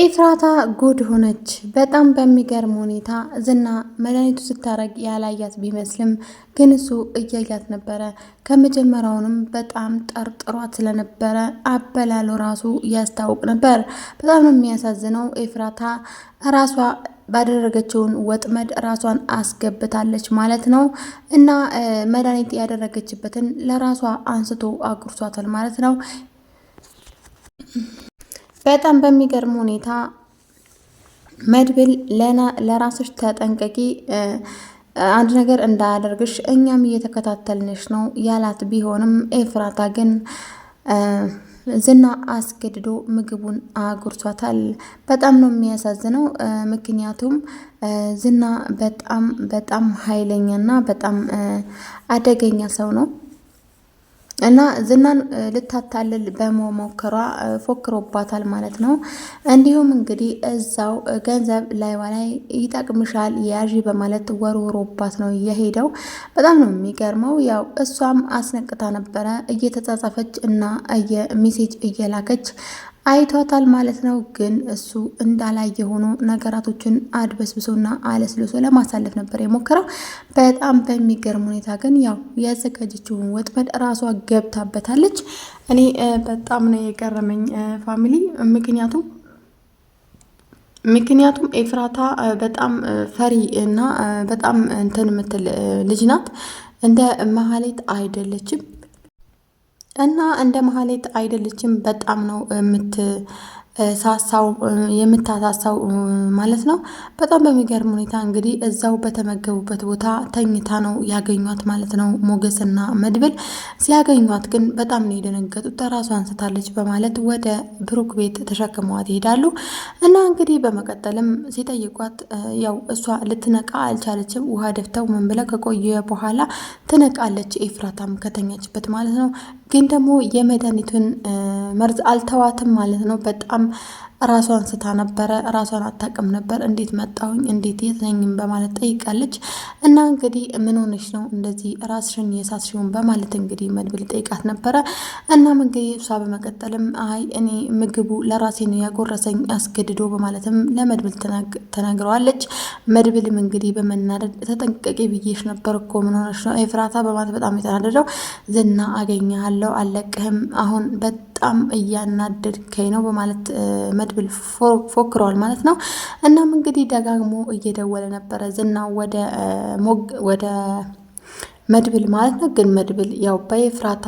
ኤፍራታ ጉድ ሆነች። በጣም በሚገርም ሁኔታ ዝና መድኃኒቱ ስታረግ ያላያት ቢመስልም ግን እሱ እያያት ነበረ። ከመጀመሪያውንም በጣም ጠርጥሯት ስለነበረ አበላሉ ራሱ ያስታውቅ ነበር። በጣም ነው የሚያሳዝነው። ኤፍራታ ራሷ ባደረገችውን ወጥመድ ራሷን አስገብታለች ማለት ነው። እና መድኃኒት ያደረገችበትን ለራሷ አንስቶ አጉርሷታል ማለት ነው። በጣም በሚገርም ሁኔታ መድብል ለራስሽ ተጠንቀቂ፣ አንድ ነገር እንዳያደርግሽ እኛም እየተከታተልንሽ ነው ያላት ቢሆንም ኤፍራታ ግን ዝና አስገድዶ ምግቡን አጉርቷታል። በጣም ነው የሚያሳዝነው። ምክንያቱም ዝና በጣም በጣም ኃይለኛና በጣም አደገኛ ሰው ነው። እና ዝናን ልታታልል በመሞከሯ ፎክሮባታል ማለት ነው። እንዲሁም እንግዲህ እዛው ገንዘብ ላይዋ ላይ ይጠቅምሻል ያዥ በማለት ወርውሮባት ነው የሄደው። በጣም ነው የሚገርመው። ያው እሷም አስነቅታ ነበረ እየተጻጻፈች እና ሚሴጅ እየላከች አይቷታል ማለት ነው። ግን እሱ እንዳላየ ሆኖ ነገራቶችን አድበስብሶና አለስልሶ ለማሳለፍ ነበር የሞከረው። በጣም በሚገርም ሁኔታ ግን ያው ያዘጋጀችውን ወጥመድ ራሷ ገብታበታለች። እኔ በጣም ነው የገረመኝ ፋሚሊ። ምክንያቱም ምክንያቱም ኤፍራታ በጣም ፈሪ እና በጣም እንትን የምትል ልጅ ናት። እንደ መሀሌት አይደለችም። እና እንደ መሀሌት አይደለችም። በጣም ነው ሳሳው የምታሳሳው ማለት ነው። በጣም በሚገርም ሁኔታ እንግዲህ እዛው በተመገቡበት ቦታ ተኝታ ነው ያገኟት ማለት ነው። ሞገስና መድብል ሲያገኟት ግን በጣም ነው የደነገጡት። ራሷ አንስታለች በማለት ወደ ብሩክ ቤት ተሸክመዋት ይሄዳሉ። እና እንግዲህ በመቀጠልም ሲጠይቋት ያው እሷ ልትነቃ አልቻለችም። ውሃ ደፍተው ምን ብለው ከቆየ በኋላ ትነቃለች ኤፍራታም ከተኛችበት ማለት ነው። ግን ደግሞ የመድኃኒቱን መርዝ አልተዋትም ማለት ነው በጣም ራሷን ስታ ነበረ። ራሷን አታውቅም ነበር። እንዴት መጣሁኝ እንዴት የት ነኝም በማለት ጠይቃለች። እና እንግዲህ ምን ሆነች ነው እንደዚህ ራስሽን የሳስሽውን በማለት እንግዲህ መድብል ጠይቃት ነበረ። እናም እንግዲህ እሷ በመቀጠልም አይ እኔ ምግቡ ለራሴ ነው ያጎረሰኝ አስገድዶ በማለትም ለመድብል ተናግረዋለች። መድብልም እንግዲህ በመናደድ ተጠንቀቂ ብዬሽ ነበር እኮ ምን ሆነች ነው ኤፍራታ በማለት በጣም የተናደደው ዝና አገኘሃለው አለቅህም አሁን በጣም እያናደድከኝ ነው በማለት መድብል ፎክረዋል ማለት ነው። እናም እንግዲህ ደጋግሞ እየደወለ ነበረ ዝና ወደ ሞግ ወደ መድብል ማለት ነው። ግን መድብል ያው በኤፍራታ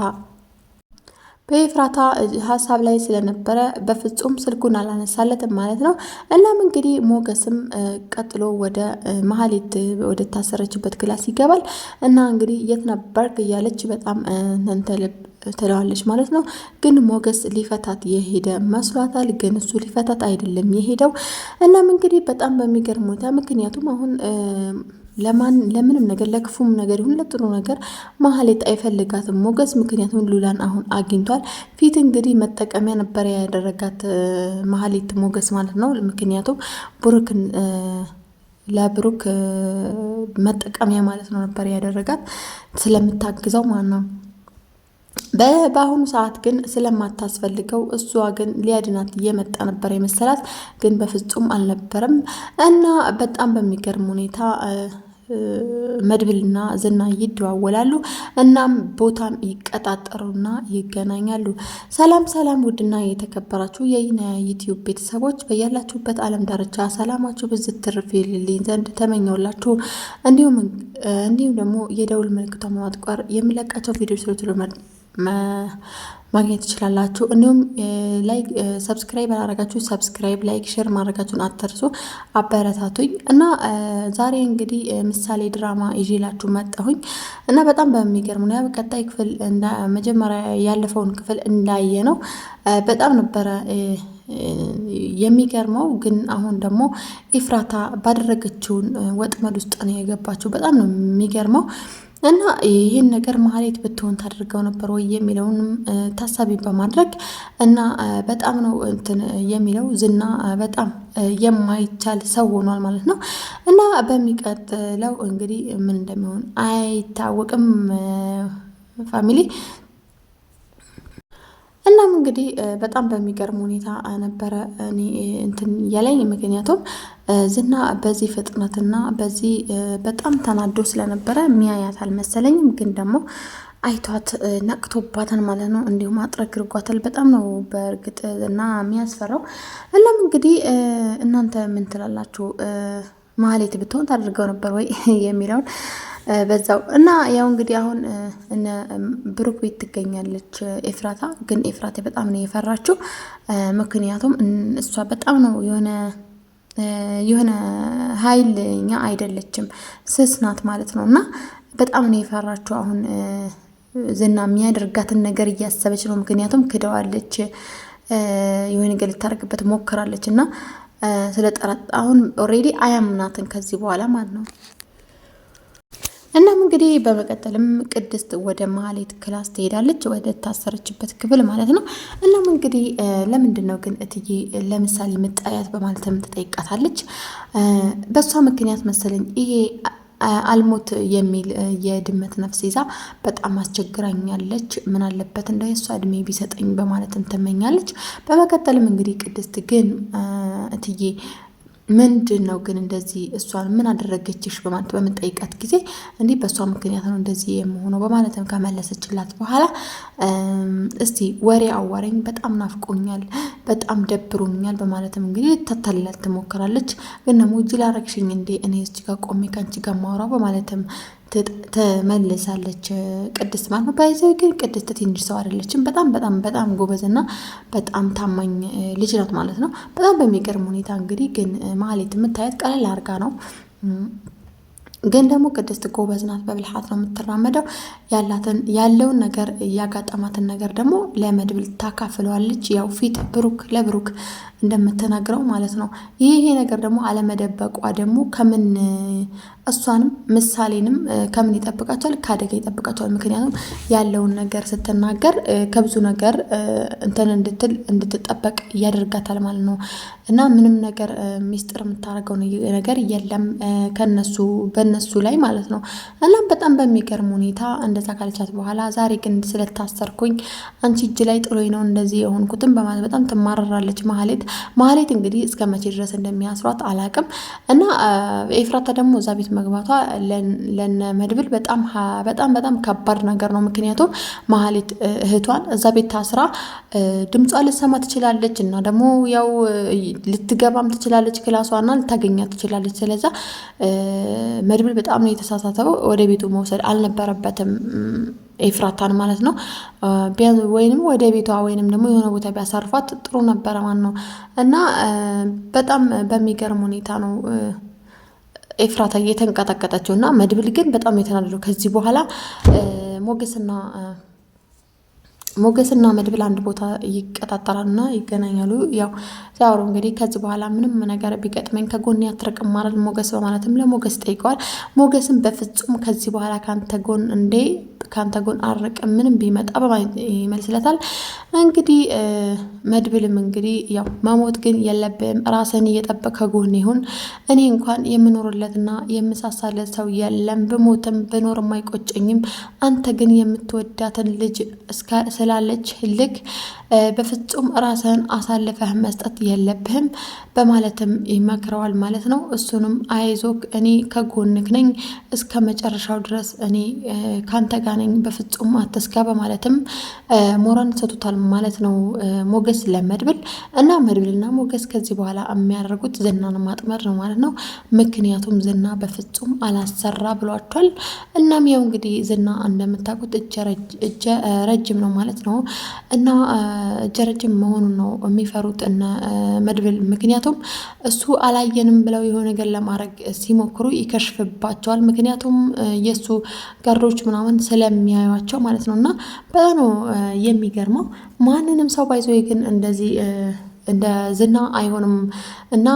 በኤፍራታ ሀሳብ ላይ ስለነበረ በፍጹም ስልኩን አላነሳለትም ማለት ነው። እናም እንግዲህ ሞገስም ቀጥሎ ወደ መሀሌት ወደ ታሰረችበት ክላስ ይገባል እና እንግዲህ የት ነበርክ እያለች በጣም ነንተልብ ትለዋለች ማለት ነው። ግን ሞገስ ሊፈታት የሄደ መስሏታል። ግን እሱ ሊፈታት አይደለም የሄደው። እናም እንግዲህ በጣም በሚገርም ሁኔታ ምክንያቱም አሁን ለማን ለምንም ነገር ለክፉም ነገር ይሁን ለጥሩ ነገር ማህሌት አይፈልጋትም ሞገስ። ምክንያቱም ሉላን አሁን አግኝቷል። ፊት እንግዲህ መጠቀሚያ ነበረ ያደረጋት ማህሌት ሞገስ ማለት ነው። ምክንያቱም ብሩክን ለብሩክ መጠቀሚያ ማለት ነው ነበር ያደረጋት ስለምታግዘው ማለት ነው። በአሁኑ ሰዓት ግን ስለማታስፈልገው እሷ ግን ሊያድናት እየመጣ ነበር የመሰላት፣ ግን በፍጹም አልነበረም እና በጣም በሚገርም ሁኔታ መድብልና ዝና ይደዋወላሉ። እናም ቦታም ይቀጣጠሩና ይገናኛሉ። ሰላም ሰላም! ውድና የተከበራችሁ የይና ዩትዩብ ቤተሰቦች በያላችሁበት ዓለም ዳርቻ ሰላማችሁ ብዝት ትርፍ ይልልኝ ዘንድ ተመኘውላችሁ። እንዲሁም ደግሞ የደውል ምልክቷ መማጥቋር የምለቃቸው ቪዲዮ ስለትሎ ማግኘት ትችላላችሁ። እንዲሁም ላይክ ሰብስክራይብ ያላረጋችሁ ሰብስክራይብ፣ ላይክ፣ ሼር ማድረጋችሁን አትርሱ። አበረታቱኝ እና ዛሬ እንግዲህ ምሳሌ ድራማ ይዤላችሁ መጣሁኝ እና በጣም በሚገርም ነው። በቀጣይ ክፍል መጀመሪያ ያለፈውን ክፍል እንዳየ ነው በጣም ነበረ የሚገርመው ግን አሁን ደግሞ ኢፍራታ ባደረገችውን ወጥመድ ውስጥ ነው የገባችው። በጣም ነው የሚገርመው። እና ይህን ነገር ማህሌት ብትሆን ታደርገው ነበር ወይ የሚለውንም ታሳቢ በማድረግ እና በጣም ነው እንትን የሚለው ዝና በጣም የማይቻል ሰው ሆኗል ማለት ነው። እና በሚቀጥለው እንግዲህ ምን እንደሚሆን አይታወቅም ፋሚሊ እናም እንግዲህ በጣም በሚገርም ሁኔታ ነበረ እንትን የለኝ ምክንያቱም ዝና በዚህ ፍጥነትና በዚህ በጣም ተናዶ ስለነበረ ሚያያት አልመሰለኝም፣ ግን ደግሞ አይቷት ነቅቶባታል ማለት ነው። እንዲሁም አጥረግርጓታል። በጣም ነው በእርግጥ እና የሚያስፈራው። እናም እንግዲህ እናንተ ምን ትላላችሁ? ማህሌት ብትሆን ታደርገው ነበር ወይ የሚለውን በዛው እና ያው እንግዲህ አሁን እነ ብሩክ ቤት ትገኛለች ኤፍራታ። ግን ኤፍራታ በጣም ነው የፈራችው። ምክንያቱም እሷ በጣም ነው የሆነ የሆነ ኃይለኛ አይደለችም፣ ስስ ናት ማለት ነው። እና በጣም ነው የፈራችው አሁን ዝና የሚያደርጋትን ነገር እያሰበች ነው። ምክንያቱም ክደዋለች፣ የሆነ ነገር ልታደርግበት ሞክራለች እና ስለጠረጣ አሁን ኦልሬዲ አያምናትን ከዚህ በኋላ ማለት ነው። እናም እንግዲህ በመቀጠልም ቅድስት ወደ ማህሌት ክላስ ትሄዳለች፣ ወደ ታሰረችበት ክፍል ማለት ነው። እናም እንግዲህ ለምንድን ነው ግን እትዬ ለምሳሌ ምጣያት በማለትም ትጠይቃታለች። በእሷ ምክንያት መሰለኝ ይሄ አልሞት የሚል የድመት ነፍስ ይዛ በጣም አስቸግራኛለች። ምን አለበት እንደ የእሷ እድሜ ቢሰጠኝ በማለትም ትመኛለች። በመቀጠልም እንግዲህ ቅድስት ግን እትዬ ምንድን ነው ግን እንደዚህ እሷን ምን አደረገችሽ በማለት በምንጠይቃት ጊዜ እንዲህ በእሷ ምክንያት ነው እንደዚህ የምሆነው በማለትም ከመለሰችላት በኋላ እስቲ ወሬ አዋረኝ፣ በጣም ናፍቆኛል፣ በጣም ደብሮኛል በማለትም እንግዲህ ልታታልላት ትሞክራለች። ግን ደግሞ እጅ ላረግሽኝ እንዴ እኔ እስች ጋር ቆሜ ከአንቺ ጋር ማውራ በማለትም ተመልሳለች ቅድስት ማለት ነው። ባይዘ ግን ቅድስት ትንሽ ሰው አይደለችም። በጣም በጣም በጣም ጎበዝና በጣም ታማኝ ልጅ ናት ማለት ነው። በጣም በሚገርም ሁኔታ እንግዲህ ግን ማህሌት የምታየት ቀለል አድርጋ ነው ግን ደግሞ ቅድስት ጎበዝ ናት። በብልሃት ነው የምትራመደው። ያላትን ያለውን ነገር እያጋጠማትን ነገር ደግሞ ለመድብል ታካፍለዋለች። ያው ፊት ብሩክ ለብሩክ እንደምትነግረው ማለት ነው። ይህ ነገር ደግሞ አለመደበቋ ደግሞ ከምን እሷንም ምሳሌንም ከምን ይጠብቃቸዋል? ከአደጋ ይጠብቃቸዋል። ምክንያቱም ያለውን ነገር ስትናገር ከብዙ ነገር እንትን እንድትል እንድትጠበቅ እያደርጋታል ማለት ነው። እና ምንም ነገር ሚስጥር የምታደርገው ነገር የለም ከነሱ በነሱ ላይ ማለት ነው። እናም በጣም በሚገርም ሁኔታ እንደዛ ካለቻት በኋላ ዛሬ ግን ስለታሰርኩኝ አንቺ እጅ ላይ ጥሎኝ ነው እንደዚህ የሆንኩትም በማለት በጣም ትማረራለች ማህሌት። ማህሌት እንግዲህ እስከ መቼ ድረስ እንደሚያስሯት አላቅም እና ኤፍራታ ደግሞ እዛ ቤት መግባቷ ለነ መድብል በጣም በጣም በጣም ከባድ ነገር ነው። ምክንያቱም መሀሊት እህቷን እዛ ቤት ታስራ ድምጿ ልሰማ ትችላለች እና ደግሞ ያው ልትገባም ትችላለች ክላሷና ልታገኛ ትችላለች። ስለዛ መድብል በጣም ነው የተሳሳተው። ወደ ቤቱ መውሰድ አልነበረበትም ኤፍራታን ማለት ነው። ወይንም ወደ ቤቷ ወይንም ደግሞ የሆነ ቦታ ቢያሳርፏት ጥሩ ነበረ ማለት ነው እና በጣም በሚገርም ሁኔታ ነው ኤፍራታ እየተንቀጠቀጠችው እና መድብል ግን በጣም የተናደደው ከዚህ በኋላ ሞገስና ሞገስና መድብል አንድ ቦታ ይቀጣጠራሉና ይገናኛሉ። ያው ሲያወሩ እንግዲህ ከዚህ በኋላ ምንም ነገር ቢገጥመኝ ከጎን አትርቅም ማለት ሞገስ በማለትም ለሞገስ ጠይቀዋል። ሞገስን በፍጹም ከዚህ በኋላ ከአንተ ጎን እንዴ ከአንተ ጎን አርቅም ምንም ቢመጣ በማለት ይመልስለታል። እንግዲህ መድብልም እንግዲህ ያው መሞት ግን የለብም ራስን እየጠበቀ ጎን ይሁን እኔ እንኳን የምኖርለትና የምሳሳለት ሰው የለም ብሞትም ብኖርም አይቆጨኝም። አንተ ግን የምትወዳትን ልጅ ስላለች ልክ በፍጹም ራስህን አሳልፈህ መስጠት የለብህም በማለትም ይመክረዋል ማለት ነው። እሱንም አይዞክ፣ እኔ ከጎንክ ነኝ እስከ መጨረሻው ድረስ እኔ ካንተ ጋር ነኝ፣ በፍጹም አትስጋ በማለትም ሞራን ሰቶታል ማለት ነው ሞገስ ለመድብል እና መድብልና ሞገስ ከዚህ በኋላ የሚያደርጉት ዝናን ማጥመር ነው ማለት ነው። ምክንያቱም ዝና በፍጹም አላሰራ ብሏቸዋል። እናም ያው እንግዲህ ዝና እንደምታውቁት እጀ ረጅም ነው ማለት ነው እና ጀረጅም መሆኑን ነው የሚፈሩት እነ መድብል። ምክንያቱም እሱ አላየንም ብለው የሆነ ነገር ለማድረግ ሲሞክሩ ይከሽፍባቸዋል። ምክንያቱም የእሱ ጋርዶች ምናምን ስለሚያዩቸው ማለት ነው። እና በጣም ነው የሚገርመው። ማንንም ሰው ባይዞ ግን እንደዚህ እንደ ዝና አይሆንም እና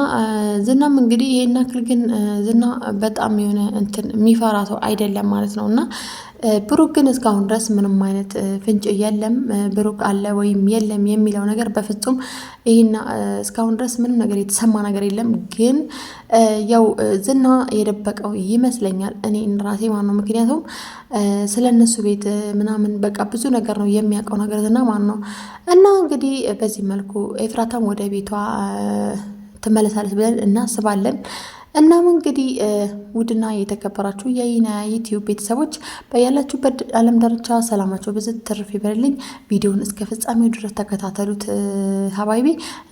ዝናም እንግዲህ ይሄን ያክል ግን ዝና በጣም የሆነ እንትን የሚፈራ ሰው አይደለም ማለት ነው እና ብሩክ ግን እስካሁን ድረስ ምንም አይነት ፍንጭ የለም። ብሩክ አለ ወይም የለም የሚለው ነገር በፍጹም ይህና እስካሁን ድረስ ምንም ነገር የተሰማ ነገር የለም። ግን ያው ዝና የደበቀው ይመስለኛል እኔ ራሴ ማን ነው። ምክንያቱም ስለ እነሱ ቤት ምናምን በቃ ብዙ ነገር ነው የሚያውቀው ነገር ዝና ማን ነው። እና እንግዲህ በዚህ መልኩ ኤፍራታም ወደ ቤቷ ትመለሳለች ብለን እናስባለን። እናም እንግዲህ ውድና የተከበራችሁ የይና ዩቲዩብ ቤተሰቦች በያላችሁበት ዓለም ዳርቻ ሰላማቸው ብዙ ትርፍ ይበልልኝ። ቪዲዮውን እስከ ፍጻሜው ድረስ ተከታተሉት ሀባይቤ፣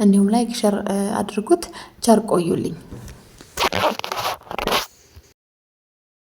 እንዲሁም ላይክ ሸር አድርጉት። ቸር ቆዩልኝ።